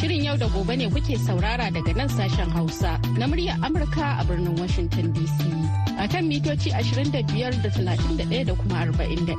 Shirin yau da gobe ne kuke saurara daga nan sashen Hausa na muryar Amurka a birnin Washington DC. A kan mitoci 25 da 31 da kuma 41.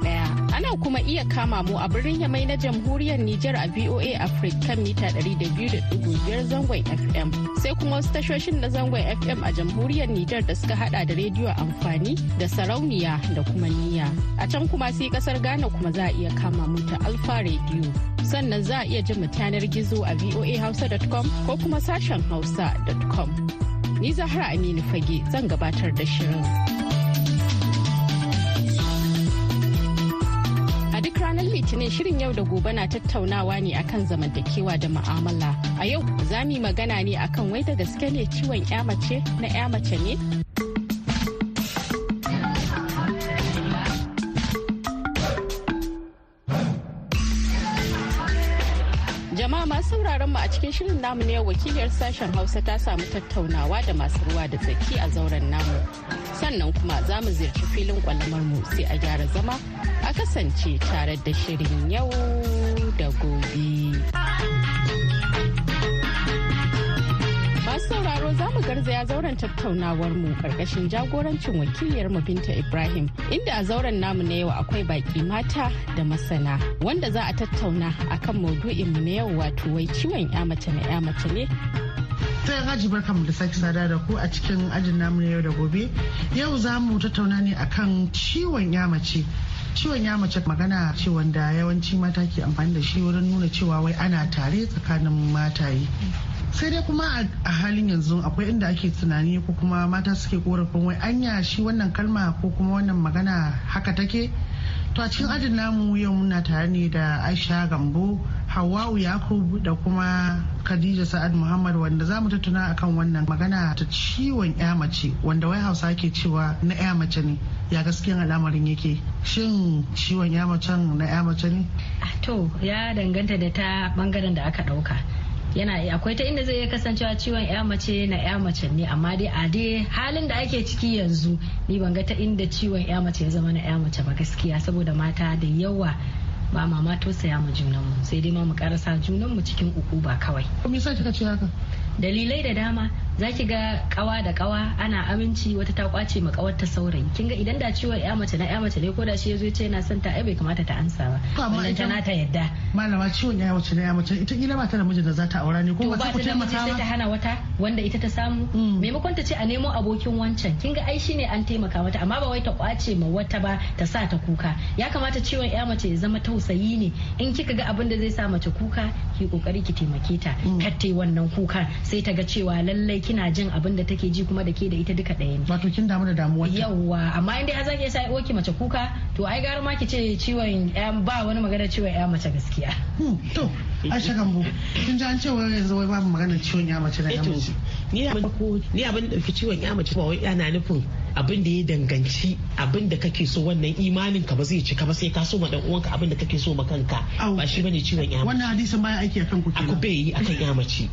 Ana kuma iya kama mu a birnin Yamai na jamhuriyar Nijar a VOA Africa kan mita 200.5 zangon FM. Sai kuma wasu tashoshin na zangon FM a jamhuriyar Nijar da suka hada da rediyo amfani da sarauniya da kuma niya. A can kuma sai kasar Ghana kuma za a iya kama mu ta Alfa rediyo Sannan za a iya jin mu gizo a voahausa.com ko kuma sashen hausa.com. Ni Zahra Aminu Fage zan gabatar da shirin. litinin shirin yau da gobe na tattaunawa ne akan zamantakewa da ma'amala A yau za mu yi magana ne akan wai da gaske ne ciwon ya mace na ya mace ne? musamman a cikin shirin namu ne wakiliyar sashen hausa ta samu tattaunawa da masu ruwa da tsaki a zauren namu sannan kuma za mu ziyarci filin kwalamar mu sai a gyara zama a kasance tare da shirin yau da gobe. garzaya zauren tattaunawar mu karkashin jagorancin wakiliyar mu Binta Ibrahim inda a zauren namu na yau akwai baki mata da masana wanda za a tattauna akan maudu'in mu na yau wato wai ciwon ya mace na ya ne ta yi aji barkan mu da sake sada da ku a cikin ajin namu na yau da gobe yau za mu tattauna ne akan ciwon ya mace ciwon ya mace magana ce wanda yawanci mata ke amfani da shi wurin nuna cewa wai ana tare tsakanin mataye sai dai kuma a halin yanzu akwai inda ake tunani ko kuma mata suke korafin wai anya shi wannan kalma ko kuma wannan magana haka take to a cikin ajin namu yau muna tare ne da aisha gambo hawa'u yakub da kuma khadija sa'ad muhammad wanda za mu tattuna akan wannan magana ta ciwon ya mace wanda wai hausa ke cewa na ya mace ne ya gaskiyan al'amarin yake shin ciwon ya mace na ya mace ne to ya danganta da ta bangaren da aka dauka yana akwai ta inda zai iya kasancewa ciwon ya mace na ya mace ne amma dai a dai halin da ake ciki yanzu ni ban ga ta inda ciwon ya mace ya zama na ya mace ba gaskiya saboda mata da yawa ba ma ma saya mu junan mu sai dai ma mu karasa junan mu cikin uku ba kawai. Me yasa kika ce haka? Dalilai da dama za ki ga kawa da kawa ana aminci wata ta kwace ma kawar ta saurayi kin ga idan da ciwon ya mace na ya mace ne ko da shi yazo ya ce yana son ta ai bai kamata ta ansa ba wannan tana ta yadda malama ciwon ya mace na ya mace ita kila ba ta da mijin da za ta aura ne ko ba ta kuce sai ta hana wata wanda ita ta samu mm. maimakon ta ce a nemo abokin wancan kin ga ai shine an taimaka mata amma ba wai ta kwace ma wata ba ta sa ta kuka ya kamata ciwon ya mace ya zama tausayi ne in kika ga abin da zai sa mace kuka ki kokari ki taimake ta mm. kar ta yi wannan kuka sai ta ga cewa lallai kina jin abin da take ji kuma da ke da ita duka ɗaya ne wato kin damu da damuwa yawwa amma in dai har zaki sa oki mace kuka to ai gara ma ki ce ciwon ba wani magana ciwon ya mace gaskiya hmm, to Aisha Gambo, kin ji an ce wai yanzu wai babu magana ciwon ya mace da ya mace. Ni abin ko ni abin da fi ciwon ya mace ba wai ana nufin abin da ya danganci abin da kake so wannan imanin ka ba zai cika ba sai ka so ma dan uwanka abin da kake so ma kanka ba shi bane ciwon ya mace. Wannan hadisin baya aiki akan ku kenan. ku bai yi akan ya mace.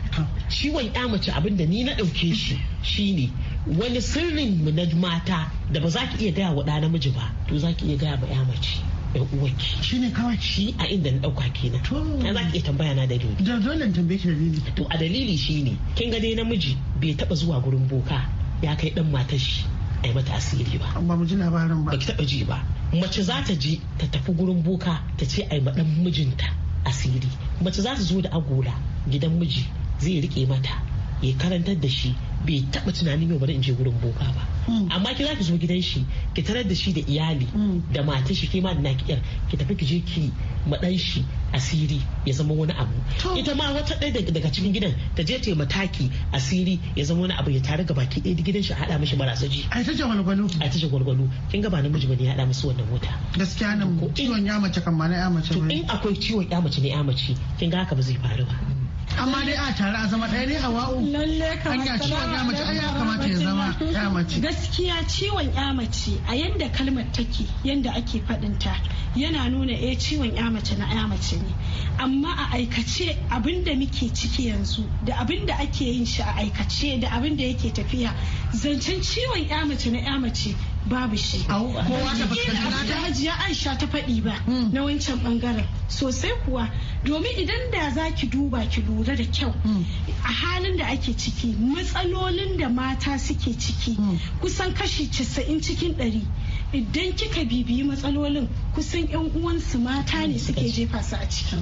Ciwon ya mace abin da ni na dauke shi shine wani sirrin mu na mata da ba za ki iya gaya wa ɗa namiji ba to za ki iya gaya ba ya mace. yan eh, uwanki ne kawai shi a inda na dauka kenan to za ki iya tambaya na dalili da dole tambaye ki dalili to a dalili shi ne kin ga dai namiji bai taɓa zuwa gurin boka ya kai ɗan matar shi ai mata asiri ba amma mu ji labarin ba ki taba ji ba mace za ta je ta tafi gurin boka ta ce ai ma dan mijinta asiri mace za ta zo da agola gidan miji zai rike mata ya karantar da shi bai taɓa tunanin yau bari in je gurin boka ba hmm. amma ki za ki zo gidan shi ki tarar da shi da iyali hmm. da matar shi ke ma da naki yar ki tafi ki je ki maɗan shi asiri ya zama wani abu ita ma wata ɗaya daga cikin gidan ta je ta mataki asiri ya zama wani abu ya tare ga baki ɗaya gidan shi haɗa mishi marasa ji a ta ce gwalgwalo a ta ce kin ga ba namiji bane ya haɗa musu wannan wuta gaskiya nan ciwon ya mace kan ma na ya mace to in akwai ciwon ya mace ne ya mace kin ga haka ba zai faru ba amma dai a tare a zama ɗaya ne a wa'u lalle kamar ciwon ya mace ai ya kamata ya zama ya mace gaskiya ciwon ya mace a yanda kalmar take yanda ake faɗin ta yana nuna eh ciwon ya mace na ya mace ne amma a aikace abinda muke ciki yanzu da abinda ake yin shi a aikace da abinda yake tafiya zancen ciwon ya mace na ya mace babu shi kowa da fuskanta hajiya aisha ta faɗi ba hmm. na wancan ɓangaren. sosai kuwa domin idan da za ki duba ki lura da kyau hmm. a halin da ake ciki matsalolin da mata suke ciki hmm. kusan kashi 90 cikin ɗari idan kika bibiyi matsalolin kusan yan uwansu mata ne suke jefa su a ciki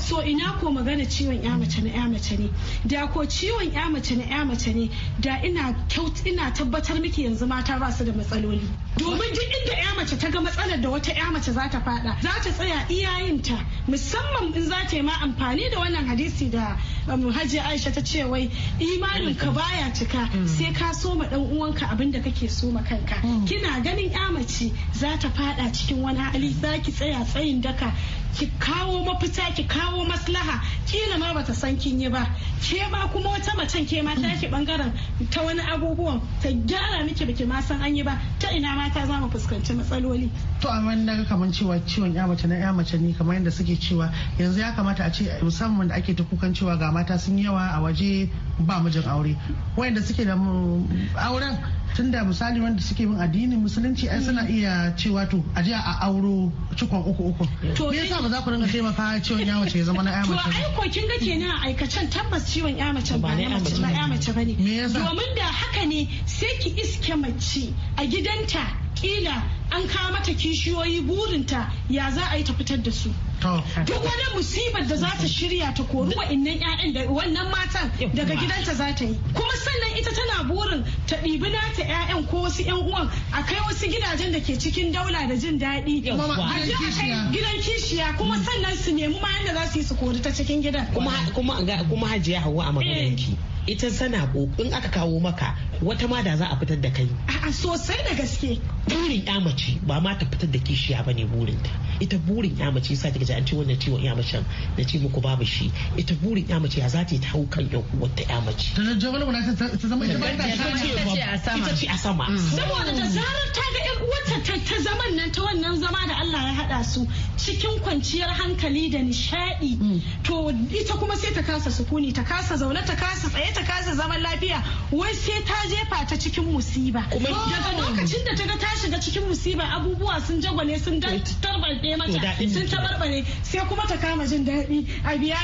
so ina ko magana ciwon ya mace na ya mace ne da ko ciwon ya mace na ya mace ne da ina kyaut ina tabbatar miki yanzu mata ba su da matsaloli domin duk inda ya mace ta ga matsalar da wata ya mace za ta fada za ta tsaya iyayenta musamman in za ta yi ma amfani da wannan hadisi da um, hajji aisha ta ce wai imanin ka baya cika mm. sai ka soma dan uwanka abin da kake soma kanka mm. kina ganin ya mace za ta fada cikin wani hali za ki tsaya tsayin daka ki kawo mafita ki kawo maslaha kila ma bata san kin yi ba ke ma kuma wata macen ke ma ki bangaren ta wani abubuwan ta gyara miki biki ma san an yi ba ta ina mata za mu fuskanci matsaloli to amma na ga kamar cewa ciwon ya mace na ya mace ne kamar yadda suke cewa yanzu ya kamata a ce musamman da ake ta kukan cewa ga mata sun yawa a waje ba mijin aure wayanda suke da auren tunda misali wanda suke bin addinin musulunci ai suna iya cewa to a je a auro cikon uku uku me yasa ba za ku dinga taimaka ciwon ya mace ya zama na ya mace to ai ko kin ga kenan aikacen tabbas ciwon ya mace ba na mace ba ya mace bane domin da haka ne sai ki iske mace a gidanta kila an kawo mata kishiyoyi burinta ya za a yi ta fitar da su duk wani musibar da za ta shirya ta kori innan 'ya'yan da wannan matan daga gidanta za ta yi kuma sannan ita tana burin ta ɗibi nata 'ya'yan ko wasu 'yan uwan a kai wasu gidajen da ke cikin daula da jin daɗi a je a kai gidan kishiya kuma sannan su nemi ma da za su yi su kori ta cikin gidan kuma hajiya hawa a eh. maganarki ita sana in aka kawo maka wata ma da za a fitar da kai a'a sosai da gaske burin ya mace ba ma ta fitar da kishiya ba ne burin ta ita burin ya mace sa ta gaji an ce wannan ciwon ya mace na ce muku babu shi ita burin ya mace ya za ta hau kan yan uwarta ya mace ta jawal wala ta zama ita ba ta ita ce a sama mm. saboda da zarar ta ga yan uwarta ta zaman nan ta wannan zama da Allah ya haɗa su cikin kwanciyar hankali da nishadi mm. to ita kuma sai ta kasa sukuni ta kasa zaune ta kasa tsaye ta kasa zaman lafiya wai sai ta jefa ta cikin musiba daga lokacin da ta ga ta shiga cikin musiba abubuwa sun jagwale sun tarbarɗe mata sun tabarbare sai kuma ta kama jin daɗi a biya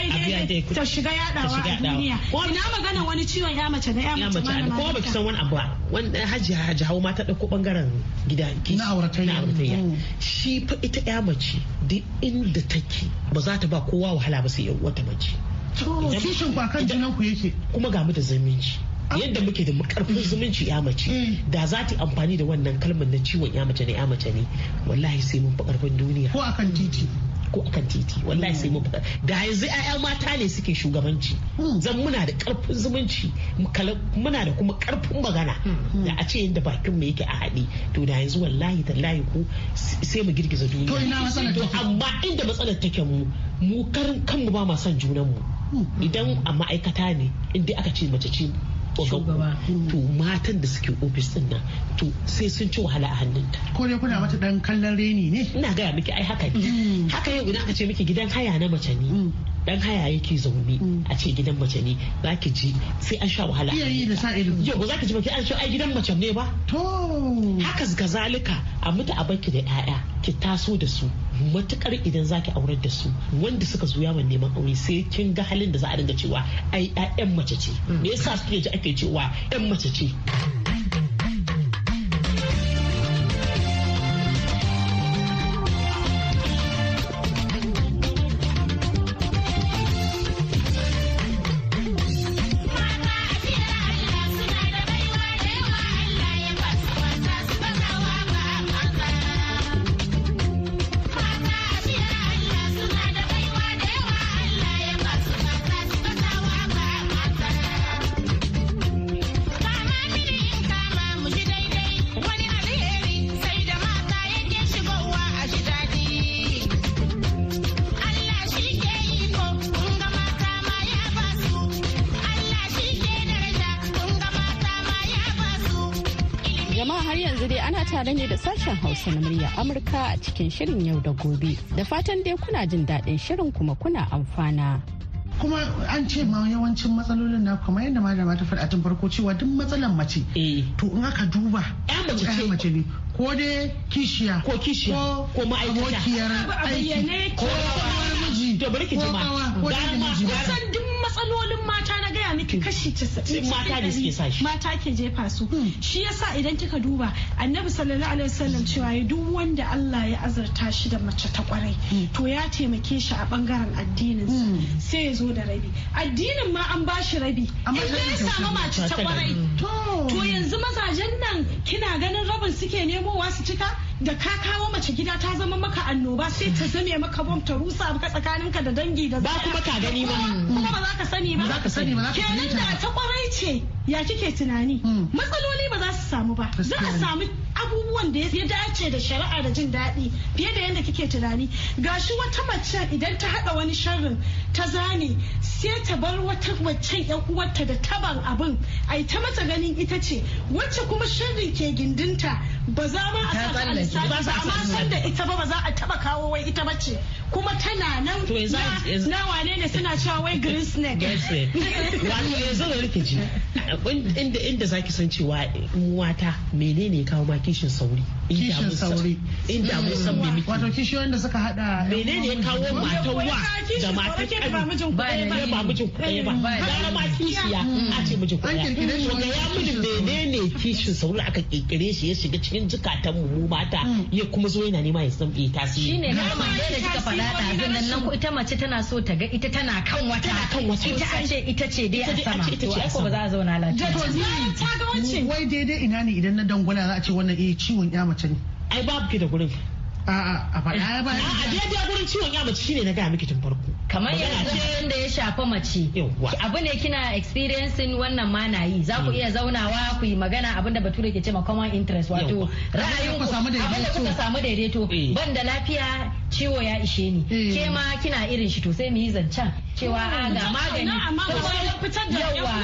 ta shiga yadawa a duniya ina magana wani ciwon ya mace da ya mace ko ba ki san wani abu ba wanda hajji hajji hawo ma ta dauko bangaren gida na auratayya mm. shi fa ita ya mace duk inda take ba za ta ba kowa wahala ba sai wata mace kishin ba kan ku yake kuma ga mu da zumunci ah. yadda muke da karfin zumunci ya mace hmm. da za ta amfani da wannan kalmar na ciwon ya mace ne ya mace ne wallahi sai mun fi karfin duniya ko akan titi ko akan titi wallahi sai mun fada da yanzu ƴaƴa mata ne suke shugabanci hmm. zan muna da karfin zumunci muna da kuma karfin magana hmm. da a ce yadda bakin mu yake a haɗe to da yanzu wallahi tallahi ko sai mu girgiza duniya to ina matsalar amma inda matsalar take mu mu karin kanmu ba ma son junan mu idan a ma'aikata ne inda aka ce mace ce to matan da suke ofis din nan to sai sun ci wahala a hannunta ko dai kuna mata dan kallon reni ne ina gaya miki ai haka ne mm. haka yau idan aka ce miki gidan haya na mace ne dan mm. haya yake zaune mm. a ce gidan mace ne za ki ji sai an sha wahala yi da sa ido yau za ki ji baki an sha ai gidan mace ne ba to haka zalika a mutu a baki da 'ya'ya ki taso da su matukar idan zaki aurar da su wanda suka zo yawon neman aure sai kin ga halin da za a dinga cewa ai 'ya'yan mace ce mm. me yasa suke ji ake cewa 'yan mace ce sashen Hausa na murya Amurka a cikin shirin yau da gobe. Da fatan dai kuna jin daɗin shirin kuma kuna amfana. kuma an ce ma yawancin matsalolin na kamar yadda ma ta faɗa tun farko cewa duk matsalan mace eh. to in aka duba ya mace ne ko dai kishiya ko kishiya ko ma'aikata ko abokiyar aiki ko miji Da bari ki ji ma kusan duk matsalolin mata na gaya miki hmm. kashi 90 mata ne suke sa mata ke jefa su hmm. shi yasa idan kika duba annabi sallallahu alaihi wasallam cewa duk wanda Allah ya azurta shi da mace ta kwarai hmm. to ya taimake shi a bangaren addinin sai ya zo da rabi addinin ma an bashi rabi amma ya samu mace ta kwarai to yanzu mazajen nan kina ganin rabin suke nemowa su cika da ka kawo mace gida ta zama maka annoba sai ta zame maka bom ta rusa tsakanin 'ya'yanka da dangi da ba kuma ka gani ba kuma hmm. ba za ka sani ba za ka sani ba kenan da ta kwarai ce ya kike tunani hmm. matsaloli ba za su samu ba za a samu abubuwan da ya dace da shari'a da jin daɗi fiye da yadda kike tunani gashi wata mace idan ta haɗa wani sharrin ta zane sai ta bar wata waccan yan uwarta da taban abin ai ta mata ganin ita ce wacce kuma sharrin ke gindinta ba za ma a ba a san da ita ba ba za a taba kawo wai ita ba ce kuma tana nan na wane ne suna cewa wai green snake eh. wato yanzu da rikici inda inda zaki san cewa eh, wata menene kawo ma kishin sauri kishin sauri inda mun san me miki wato kishi wanda suka hada menene kawo matan wa da matan ba mijin kuɗi ba ba mijin kuɗi ba gara ma kishiya mm. a ce mijin kuɗi ya mijin menene kishin sauri aka kirkire shi ya shiga cikin cikin jikatan mu mu mata mm. ya kuma zo yana nema ya san bai tasiri shine na da kika faɗa ɗazun nan nan ita mace tana so ta ga ita tana kan wata tana kan wata ita a ce ita ce dai a sama to ai ko ba za a zauna lafiya ta ga wai daidai ina ne idan na dangwala za a ce wannan eh ciwon ya mace ne ai babu ke da gurin A'a, a faɗa ba. A'a, gurin ciwon ya mace shine na gaya miki tun farko. Kamar yana ce da ya shafa mace. Abu ne kina experiencing wannan ma na yi. Za ku hmm. iya zaunawa ku yi magana abin da bature ke ce ma common interest wato ra'ayin ku abin da kuka samu daidaito. Eh. Ban da lafiya ciwo ya ishe ni. Hmm. Ke ma kina irin shi to sai mu yi zancen. cewa ah, a ga magani yawa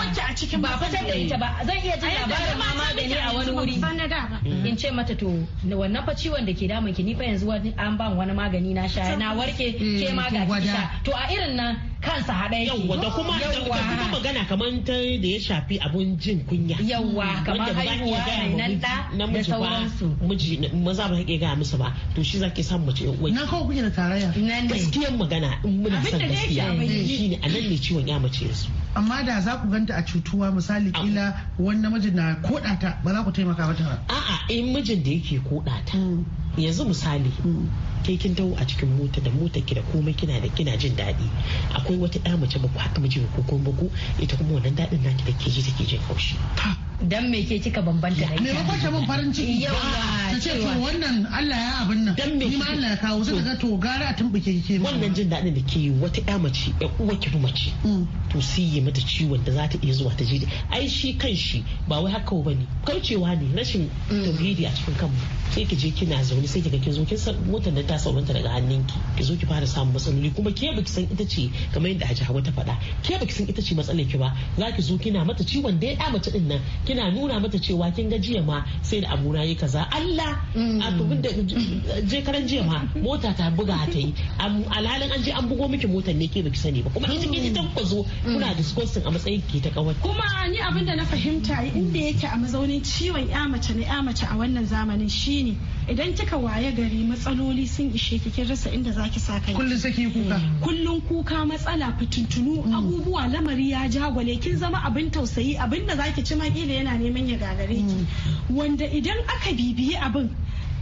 ba fitar da ita ba zan iya jin labarin ma magani a wani wuri in ce mata to wannan fa ciwon da ke damun ki ni fa yanzu an ban wani magani na sha na warke ke ma ga sha to a irin nan kansa haɗa yake yawa da kuma da kuma magana kamar ta da ya shafi abun jin kunya yawa kamar haihuwa na da sauransu miji maza ba haƙe ga musu ba to shi zake san mace yan uwa na kawo kuke da tarayya gaskiyar magana in muna san gaskiya shine anan ne ciwon ya mace su amma da za ku ganta a cutuwa misali kila wani namijin na kodata ba za ku taimaka mata ba a'a in mijin da yake kodata mm. yanzu misali mm. ke kin taho a cikin mota da mota ki da komai kina da kina jin daɗi akwai wata ɗa mace ba ku haka miji ba ko kuma ba ku ita kuma wannan daɗin naki da ke ji take jin haushi dan me ke kika bambanta da ita maimakon ta mun farin ciki ba ta ce to wannan Allah ya abin nan dan me ma Allah ya kawo sai ga to gara a tumbuke ke wannan jin daɗin da ke wata ƴa mace ƴa uwa ki mace mm. to sai ya mata ciwon da za ta iya zuwa ta je ai shi kan shi ba wai haka ba ne kaucewa ne rashin mm. tauhidi a cikin kanmu sai ki je kina zaune sai kiga kin zo kin san motar nan ta sauranta daga hannunki ki zo ki fara samun matsaloli kuma ke baki san ita ce kamar yadda Hajiya Hawa ta faɗa ke baki san ita ce matsalar ki ba za ki zo kina mata ciwon da ya mace din nan kina nuna mata cewa kin ga jiya ma sai da abuna yi kaza Allah mm. A tubin da je karan jiya ma mota ta buga ta yi alhalin an je an bugo miki motar ne ke baki sani ba kuma ita kin ta ku zo mm. kuna discussing a matsayin ki ta kawai kuma ni abin da na fahimta inda yake a mazaunin ciwon ya mace na ya mace a wannan zamanin shine idan kika waye gari matsaloli sun ishe ki kin rasa inda zaki sa kai kullun saki kuka mm. kullun kuka matsala fitintunu abubuwa lamari ya jagwale kin zama abin tausayi abin da zaki ci ma kila yana neman ya gagare ki mm. wanda idan aka bibiyi abin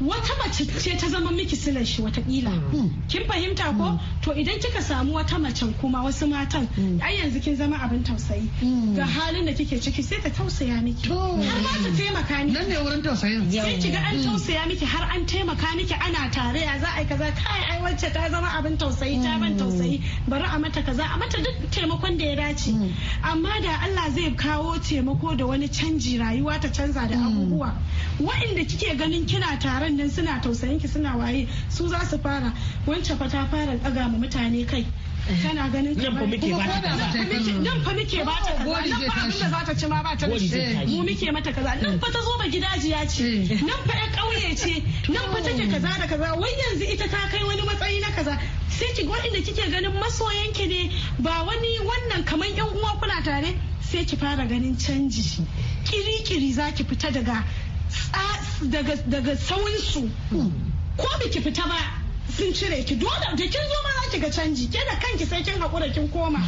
wata mace ce ta zama miki silar shi watakila hmm. kin fahimta ko hmm. to idan kika samu wata macen kuma wasu matan hmm. ai yanzu kin zama abin tausayi ga halin da kike ciki sai ta tausaya miki har ma ta taimaka miki nan ne wurin tausayin sai kiga an tausaya miki har an taimaka miki ana tare ya za a kaza kai ai wacce ta zama abin tausayi ta ban tausayi bari a mata kaza a mata duk taimakon da ya dace amma da Allah zai kawo taimako da wani canji rayuwa ta canza da abubuwa wa'inda kike ganin kina tare wa'annan suna tausayin ki suna waye su za su fara wancan fa ta fara daga ma mutane kai tana ganin ki ba ku ba ta nan fa muke ba ta kaza nan fa abinda za ta ci ma ba ta mu muke mata kaza nan fa ta zo ba gidajiya ce eh. nan fa ya kauye ce nan fa take kaza da kaza wai yanzu ita ta kai wani matsayi na kaza sai ki ga inda kike ganin ki ne ba wani wannan kamar yan uwa kuna tare sai ki fara ganin canji kiri-kiri za ki fita daga daga sauransu ko biki fita ba sun cire ki dole da kin zo ma za ki ga canji ke da kanki sai kin haƙura kin koma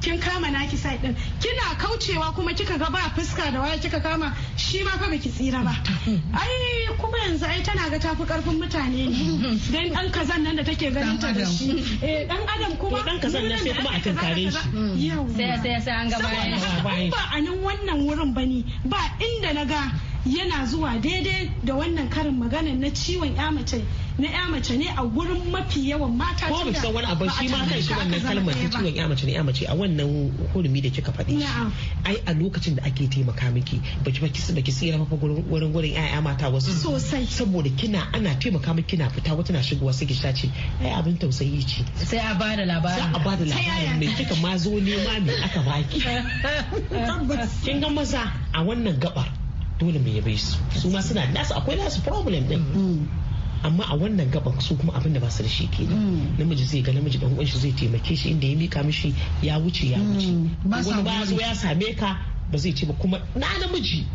kin kama naki sai din kina kaucewa kuma kika ga ba fuska da waya kika kama shi ma fa biki tsira ba ai kuma yanzu ai tana ga tafi karfin mutane ne dan dan kazan nan da take ganin ta da shi eh dan adam kuma dan kazan nan sai kuma a tunkare shi sai sai sai an ga bayan ba a nan wannan wurin bane ba inda na ga yana zuwa daidai da wannan karin magana na ciwon ya mace na ya mace ne a wurin mafi yawan mata ko bisa wani abu shi ma kan shi wannan kalmar ta ciwon ya mace ne ya mace a wannan hurumi da kika faɗi ai a lokacin da ake taimaka miki baki sun da kisi rafa gurin gurin gurin ƴaƴa mata wasu sosai saboda kina ana taimaka miki kina fita wata na shigowa sai ki ce ai abin tausayi ce sai a bada labarin sai a bada labarin me kika ma zo nema me aka baki kin ga maza a wannan gabar dole mu yabe su su ma suna nasu akwai nasu problem din mm. amma a wannan gaban su kuma abin da ba su da shi ke mm. namiji zai ga namiji dan uwanshi zai taimake shi inda ya mika mishi ya wuce ya wuce mm. wani ba zo ya same ka ba zai ce ba kuma na namiji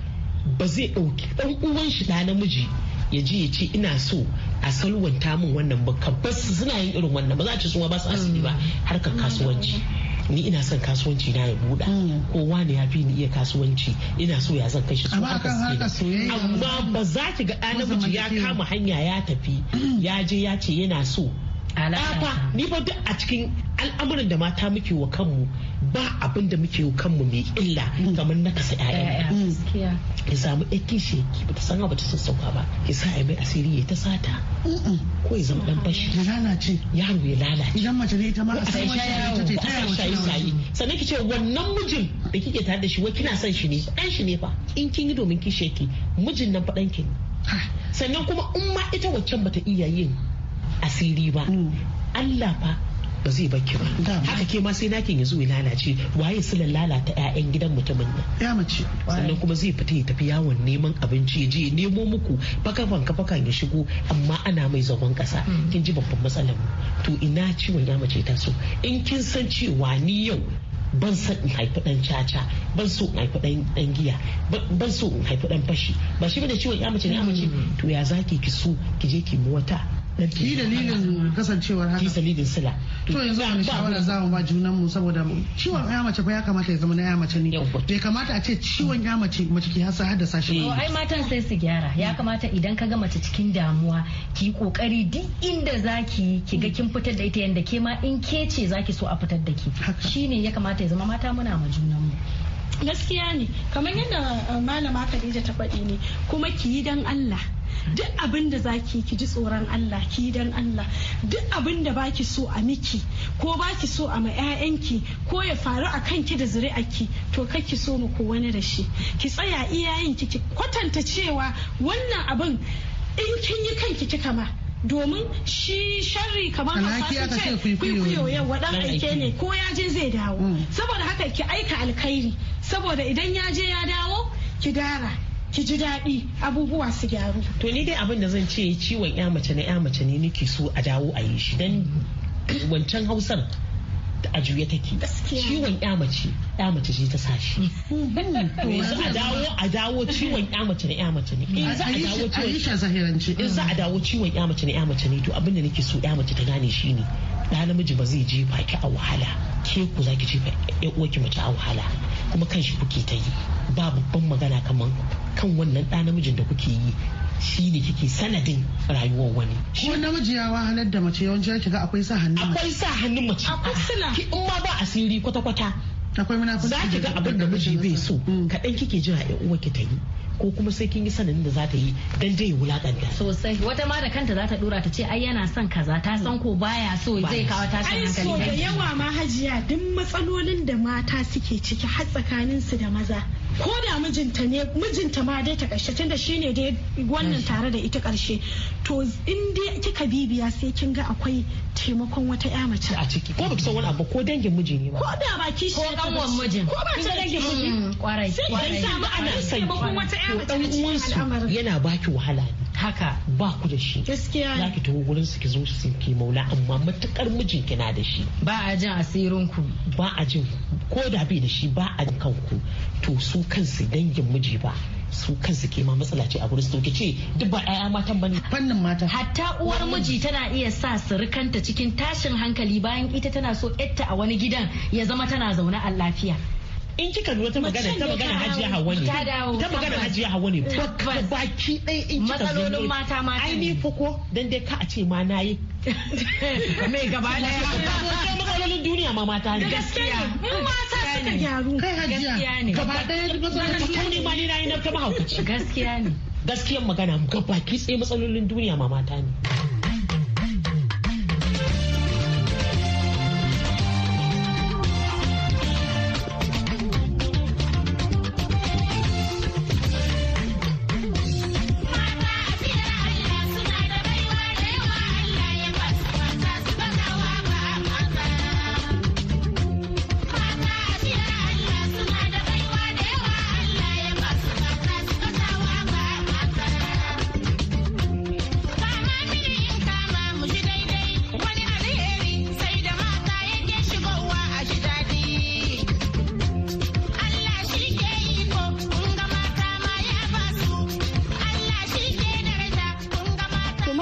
ba zai dauki dan uwan shi da namiji ya ji ya ce ina so a salwanta min wannan ba ka suna yin irin wannan ba za a ci suma ba su asiri ba harkar kasuwanci ni ina son kasuwanci na ya buɗa hmm. kowa ne ya fi ni iya kasuwanci ina so ya zan kai shi amma amma ba za ki ga ɗan namiji ya kama hanya ya tafi ya je ya ce yana so Afa ni ba duk a cikin al'amuran da mata muke wa kanmu ba abin da muke wa kanmu mai illa kamar na kasa ƴaƴa ya samu kishe ki ba ta san ba ta sassauka ba ya sa ya mai asiri ya ta sata ko ya zama ɗan bashi ya lalace yaro ya lalace idan mace ne ita ma a sai shayi ta shayi shayi sannan ki ce wannan mijin da kike tare da shi wai kina son shi ne ɗan shi ne fa in kin yi domin kishe ki mijin nan fa ɗan ki sannan kuma in ma ita waccan bata iya yin asiri ba mm. Allah fa ba zai baki ba haka ke ma sai nakin ya zo ya lalace waye su lalata 'ya'yan gidan mutumin nan ya mace sannan kuma zai fita ya tafi yawon neman abinci ya je ya nemo muku bakaban kafakan ya shigo amma ana mai zagon kasa hmm. kin ji babban matsalar mu to ina ciwon ya mace ta so in kin san cewa ni yau ban so in haifi dan caca ban so in haifi dan giya ban so in haifi dan fashi ba shi bane ciwon ya mace ya mace hmm. to ya zaki ki so ki je ki mu wata ki dalilin kasancewar haka ki dalilin sila to yanzu wani shawara za mu ba junan mu saboda ciwon ya mace ba ya kamata ya zama na ya mace ne bai kamata a ce ciwon ya mace mace ke hasa hada sashi ne eh, ai matan sai su gyara ya kamata idan ka ga mace cikin damuwa ki kokari duk inda zaki ki ga kin fitar da ita yanda ke ma in ke ce zaki so a fitar da ki shine ya kamata ya zama mata muna ma junan mu gaskiya ne kamar yadda eh, malama Khadija ta faɗi ne kuma ki yi dan Allah duk abin da zaki ki ji tsoron Allah ki yi dan Allah duk abin da baki so a miki ko baki so a ma ko ya faru a kanki da zuri'arki to ka ki so mu ko wani da shi ki tsaya iyayenki ki kwatanta cewa wannan abin in kin yi kanki kika ma domin shi sharri kamar hausa sun ce kwikwiyo yawa dan aike ne ko ya je zai dawo mm. saboda haka ki aika alkhairi saboda idan ya je ya dawo ki gara ki ji daɗi abubuwa su gyaru to ni dai abin da zan ce ciwon ya mace na ya mace ne nake so a dawo a yi shi dan wancan hausar a juye take ciwon ya mace ya mace ta sashi hmm. yanzu a dawo a dawo ciwon ya mace na ya mace ne eh, in eh, a dawo ciwon mace na ya mace ne to abin da nake so ya mace ta gane shi ne. da namiji ba zai jefa ki a wahala ke ku zaki jefa ya ki mace a wahala kuma kan shi kuke ta yi ba babban magana kaman kan wannan ɗa namijin da kuke yi shi ne kike sanadin rayuwar wani. Shi namiji ya wahalar da mace yawanci ya ga akwai sa hannun mace. Akwai sa hannun mace. Akwai suna. Ki in ma ba asiri kwata-kwata. Akwai munafunci. Za ki ga abin da miji bai so mm. kaɗan kike jira ƴan uwa ki ta yi. ko kuma sai kin yi sanadin da za ta yi dan dai wulaƙanta. sosai wata ma da kanta za ta dora ta ce ai yana son kaza ta san ko baya so zai kawo ta san hankali ai so da yawa ma hajiya duk matsalolin da mata suke ciki har tsakanin su da maza ko da mijinta ne mijinta ma dai ta karshe tunda shine dai wannan tare da ita karshe to in dai kika bibiya sai kin ga akwai taimakon wata ya mace a ciki ko baki san wani abu ko dangin miji ne ba ko da ba kishi ko kanwan mijin ko ba ta dangin miji mm, kwarai sai ba samu ana sai ba wata ya mace al'amarin yana baki wahala ne haka ba ku da shi gaskiya za ki taho gurin su ki zo su ki maula amma matukar mijin ki na da shi ba a jin asirin ku ba a jin ko da bai da shi ba a jin kanku to su kansu dangin miji ba su kansu ke ma matsala ce a gurin su ke ce duk ba ɗaya matan bane fannin mata hatta uwar miji tana iya sa surukanta cikin tashin hankali bayan ita tana so ƴatta a wani gidan ya zama tana zaune a lafiya in kika lura ta magana ta magana hajiya hawa ne ta magana hajiya hawa ne baki ɗaya in kika matsalolin mata mata ai ni fuko dan dai ka a ce ma nayi me gaba ɗaya matsalolin duniya ma mata ne gaskiya mata suka gyaru kai hajiya ne gaba ɗaya matsalolin ne ma ni nayi na ta mahaukaci gaskiya ne gaskiyan magana gaba ki tsaye matsalolin duniya ma mata ne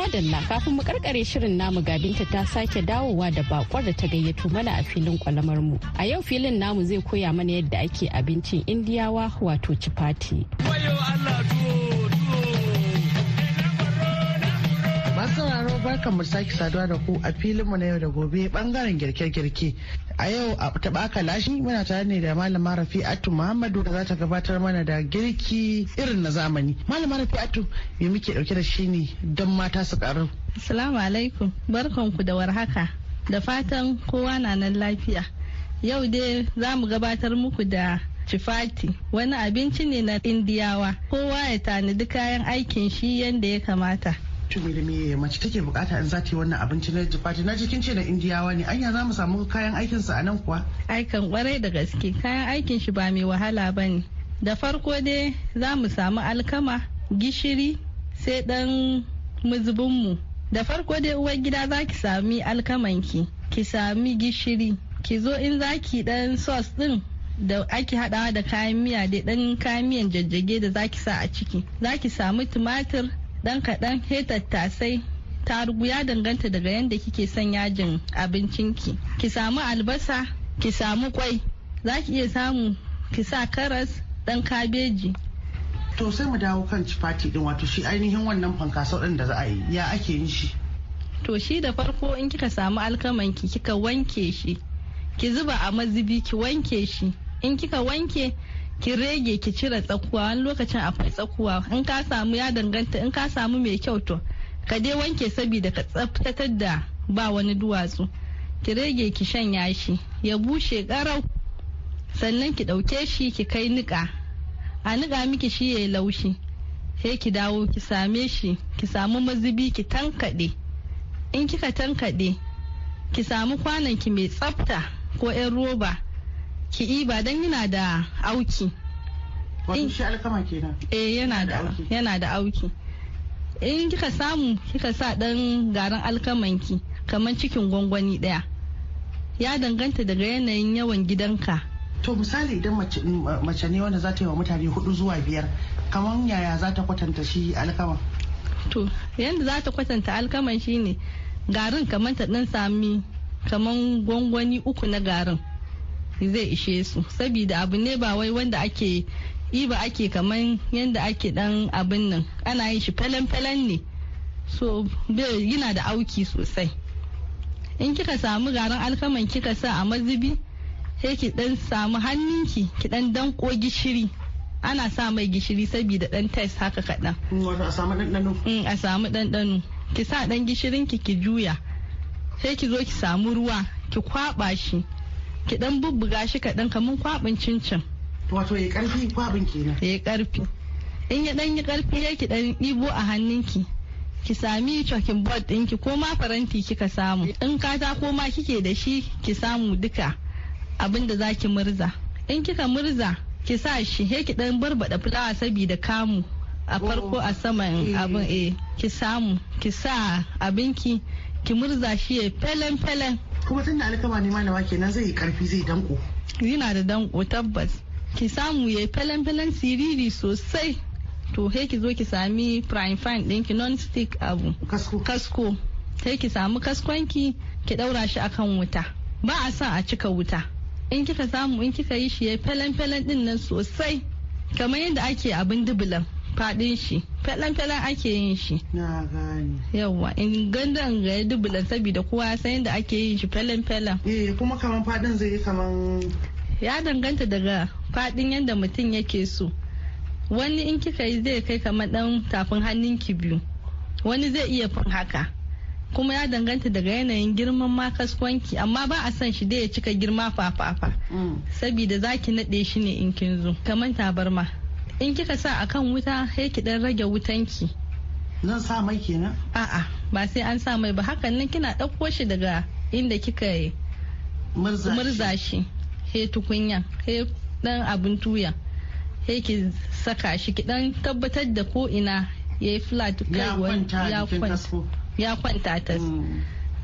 madalla kafin mu karkare shirin namu ga binta ta sake dawowa da bakwar da ta gayyato mana a filin kwalamar mu. A yau filin namu zai koya mana yadda ake abincin Indiyawa wato cipati. Allah barkan mu sake saduwa da ku a filin mu na yau da gobe bangaren girke-girke. A yau a taɓa muna tare ne da malama Rafi'atu Muhammadu da za ta gabatar mana da girki irin na zamani. Malama Rafi'atu me muke dauke da shi ne don mata su karu. Assalamu alaikum barkan ku da warhaka da fatan kowa na nan lafiya. Yau dai za mu gabatar muku da chifati wani abinci ne na indiyawa kowa ya tanadi kayan aikin shi yadda ya kamata to me da me mace take bukata in za ta yi wannan abinci na jifati na cikin ce na indiyawa ne anya za mu samu kayan aikin sa a nan kuwa aikan kwarai da gaske kayan aikin shi ba mai wahala ba ne da farko dai za mu samu alkama gishiri sai dan mu da farko dai uwar gida za ki sami alkaman ki ki sami gishiri ki zo in za ki dan sauce din da ake hadawa da kayan miya dai dan kayan miyan jajjage da zaki sa a ciki zaki samu tumatir dan kaɗan he tattasai tarugu ya danganta daga yadda kike son yajin abincin ki samu albasa ki samu kwai za ki iya samu ki sa karas dan kabeji to sai mu dawo kan cifati din wato shi ainihin wannan fankasau din da za a yi ya ake yin shi to shi da farko in kika samu alkamanki kika wanke shi ki zuba a mazubi ki wanke shi in kika wanke ki rege ki cire tsakuwa wani lokacin akwai tsakuwa in ka samu ya danganta in ka samu mai kyau to ka dai wanke sabida ka tsaftatar da ba wani duwatsu ki rege ki shanya shi ya bushe karau sannan ki ɗauke shi ki kai niƙa a niƙa miki shi ya laushi sai ki dawo ki same shi ki samu mazubi ki tankade in kika tankade ki samu ki mai tsafta ko 'yan roba ki iba dan yana da auki wato shi alkama kenan eh yana da yana da auki in kika samu kika sa dan garin alkaman ki kamar cikin gwangwani daya ya danganta daga yanayin yawan gidanka to misali idan mace ne wanda za ta yi wa mutane hudu zuwa biyar kamar yaya za ta kwatanta shi alkama to yadda za ta kwatanta alkaman shine garin kamar ta dan sami kamar gwangwani uku na garin zai ishe su sabida abu ne ba wai wanda ake yi ba ake kamar yadda ake dan abin nan ana yin shi falen-falen ne so yana da auki sosai in kika samu garin alkaman kika sa a mazubi sai ki dan samu hannunki ki dan danko gishiri ana sa mai gishiri saboda dan test haka kaɗan. Mm, a samu ɗanɗano mm, a samu ɗanɗano ki sa ɗan gishirinki ki juya sai ki zo ki samu ruwa ki kwaba shi ki dan bubbuga shi kaɗan kamar kwaɓin cincin. Wato ya ƙarfi kwaɓin kenan. Ya ƙarfi. In ya ɗan yi ƙarfi ya ki ɗan ɗibo a hannunki. Ki sami chalking board ɗinki ko ma faranti kika samu. In katako ma kike da shi ki samu duka abinda zaki za murza. In kika murza ki sa shi ya ki ɗan barbaɗa fulawa sabida kamu. A farko a saman oh, eh. abin eh ki samu ki sa abinki ki murza shi ya felen felen kuma tun da alkama ne malama kenan zai yi karfi zai danko yana da danko tabbas ki samu ya yi falen falen siriri sosai to he ki zo ki sami prime fine ɗinki non stick abu kasko kasko sai ki samu kaskonki ki ɗaura shi akan wuta ba a sa a cika wuta in kika samu in kika yi shi ya yi falen falen din nan sosai kamar yadda ake abin dubulan fadin shi falan falan ake yin shi yawa in gandan ga dubula saboda kowa san yadda ake yin shi falan falan eh, kuma kaman fadin zai yi kaman ya danganta daga fadin yadda mutum yake so wani in kika yi zai kai kamar dan tafin hannunki biyu wani zai iya fin haka kuma ya danganta daga yanayin girman ma kaskwanki amma ba a son shi dai ya cika girma fafafa mm. saboda zaki naɗe shi ne in kin zo kamar tabarma in kika sa a kan wuta sai ki dan rage wutanki Zan sa mai kenan a'a ba sai an sa mai ba hakan nan kina ɗauko shi daga inda kika murza shi he tukunya he dan abin tuya he ki saka shi ki dan tabbatar da ko ina ya yi flat kai ya kwanta tas mm.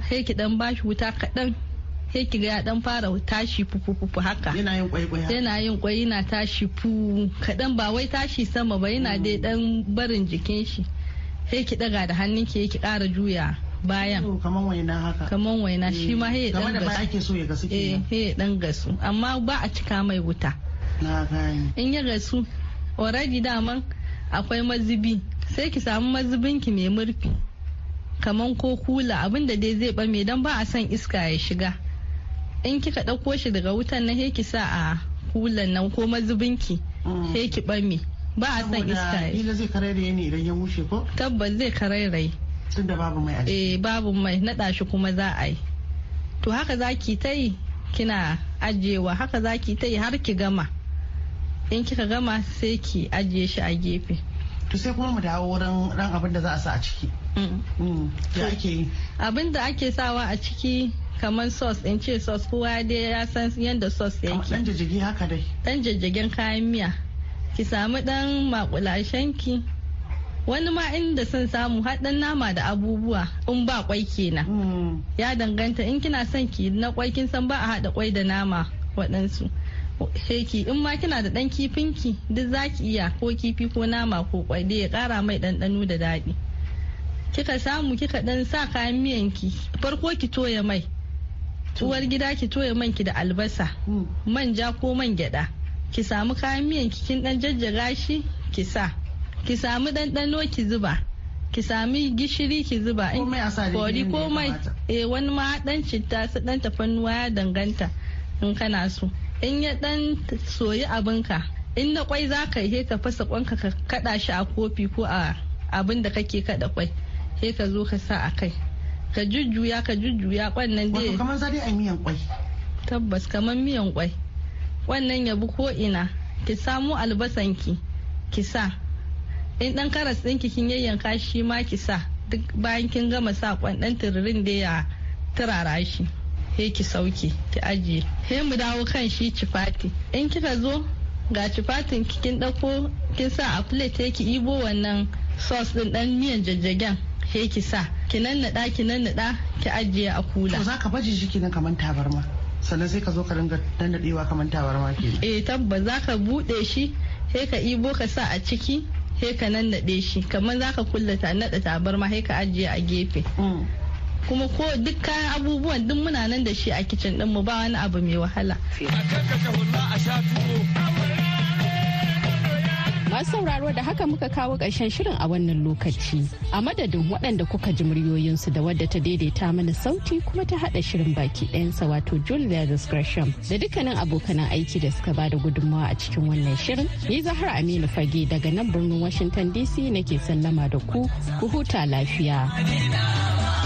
he ki dan bashi wuta kaɗan sai kiga ya dan fara tashi fufufufu haka yana yin kwai haka yana yin kwai yana tashi fu kadan ba wai tashi sama ba yana dai mm. dan barin jikin shi sai ki daga da hannun ki ki kara juya bayan oh, kaman waina haka kaman waina shi ma ya mm. dan gasu kamar ake so ya gasu eh he dan gasu amma ba a cika mai wuta na gani in ya gasu already daman akwai mazubi sai ki samu mazubinki mai murfi kaman ko kula abinda dai zai bame dan ba a son iska ya shiga in kika ɗauko shi daga wutan na ki sa a hulan nan ko mazubinki sai mm. ki ɓame ba a san iska ya zai karairaye ne idan ya bushe ko tabbas zai karairaye da babu mai a eh babu mai naɗa shi kuma za a yi to haka za ki ta yi kina ajiyewa haka za ki ta yi har ki gama in kika gama sai ki ajiye shi a gefe to sai kuma mu dawo wurin ran abin da za a sa a ciki mm. Mm. abin da ake sawa a ciki kamar sos in ce sauce kowa dai ya san yadda sauce yake dan jijjigi haka dai dan jijjigin kayan miya ki samu dan makulashen ki wani ma inda son samu haɗin nama da abubuwa in ba kwai kenan hmm. ya danganta in kina son ki na kwai kin san ba a haɗa kwai da nama waɗansu sheki in ma kina da ɗan kifinki duk za ki iya ko kifi ko nama ko kwai da ya kara mai ɗanɗano da daɗi kika samu kika ɗan sa kayan miyanki farko ki toya mai tuwar gida ki toya manki da albasa hmm. manja ko man gyada ki samu kayan miyan ki kin dan jajjaga shi ki sa ki samu ɗanɗano ki zuba ki sami gishiri ki zuba in kori mai eh wani ma dan citta su dan tafannuwa ya danganta in kana so in ya dan soyi abinka in na kwai za ka yi ka fasa kwanka ka kaɗa shi a kofi ko a abin da kake kada kwai sai ka zo ka sa a kai ka jujjuya ka jujjuya kwannan dai wato kaman za dai ai miyan kwai tabbas kaman miyan kwai wannan ya ko ina ki samo albasan ki sa in dan karas ki kin yayyanka shi ma ki sa duk bayan kin gama sa kwandan tururin da ya turara shi he ki sauke ki ajiye he mu dawo kan shi cifati in kika zo ga cifatin kin ɗauko kin sa a plate ki ibo wannan sauce ɗin dan miyan jajjagen he ki sa ki nannada ki nannada ki ajiye a kula to zaka baje shi kenan kamar tabarma sannan sai ka zo ka ringa nannadewa kamar tabarma kenan eh tabba zaka bude shi sai ka ibo ka sa a ciki he ka nannade shi kamar zaka kullata nada tabarma sai ka ajiye a gefe mm. kuma ko duk kayan abubuwan duk muna nan da shi a kicin din mu ba wani abu mai wahala a a sha tuwo Masu sauraro da haka muka kawo ƙarshen shirin a wannan lokaci. A madadin waɗanda kuka ji muryoyinsu da wadda ta daidaita mana sauti kuma ta haɗa shirin baki ɗayansa wato Julia Discretion da dukkanin abokanan aiki da suka bada gudunmawa a cikin wannan shirin. Ni zahar Aminu Fage daga nan birnin Washington DC nake sallama da ku, ku huta lafiya.